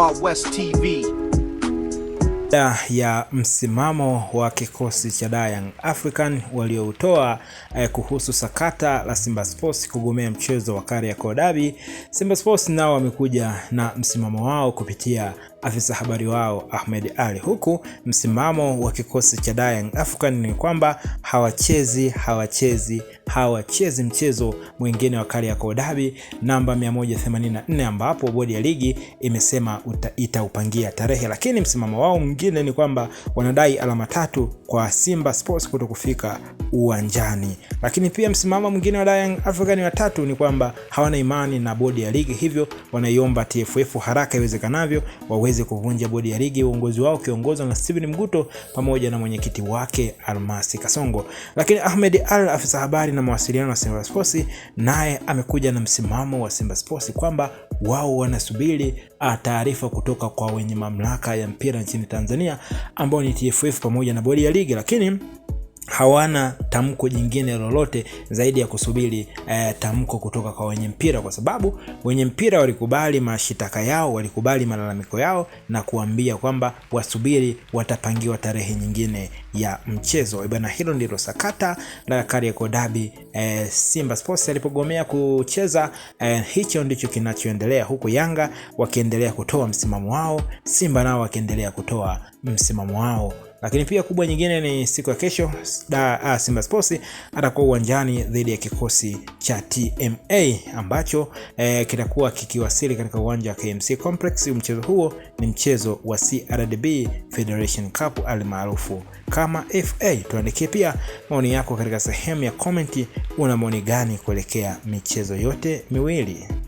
Wild West TV. Da ya msimamo wa kikosi cha Dar Young African walioutoa eh, kuhusu sakata la Simba Sports kugomea mchezo wa Kariakoo Derby, Simba Sports nao wamekuja na msimamo wao kupitia afisa habari wao Ahmed Ali, huku msimamo wa kikosi cha Young African ni kwamba hawachezi hawachezi hawachezi mchezo mwingine wa Kariakoo Derby namba 184 ambapo bodi ya ligi imesema itaupangia tarehe, lakini msimamo wao mwingine ni kwamba wanadai alama tatu kwa Simba Sports kuto kufika uwanjani. Lakini pia msimamo mwingine wa Young wa tatu ni kwamba hawana imani na bodi ya ligi, hivyo wanaiomba TFF haraka iwezekanavyo wawe waweze kuvunja bodi ya ligi uongozi wao ukiongozwa na Steven Mguto pamoja na mwenyekiti wake Almasi Kasongo. Lakini Ahmed Al, afisa habari na mawasiliano wa Simba Sports, naye amekuja na msimamo wa Simba Sports kwamba wao wanasubiri ah, taarifa kutoka kwa wenye mamlaka ya mpira nchini Tanzania ambao ni TFF pamoja na bodi ya ligi, lakini hawana tamko jingine lolote zaidi ya kusubiri eh, tamko kutoka kwa wenye mpira, kwa sababu wenye mpira walikubali mashitaka yao, walikubali malalamiko yao na kuambia kwamba wasubiri, watapangiwa tarehe nyingine ya mchezo. Bwana, hilo ndilo sakata la Kariakoo Eh, Simba Sports alipogomea kucheza eh, hicho ndicho kinachoendelea, huku Yanga wakiendelea kutoa msimamo wao, Simba nao wakiendelea kutoa msimamo wao lakini pia kubwa nyingine ni siku ya kesho da, a, ah, Simba Sports atakuwa uwanjani dhidi ya kikosi cha TMA ambacho e, kitakuwa kikiwasili katika uwanja wa KMC Complex. Mchezo huo ni mchezo wa CRDB Federation Cup almaarufu kama FA. Tuandikie pia maoni yako katika sehemu ya komenti, una maoni gani kuelekea michezo yote miwili?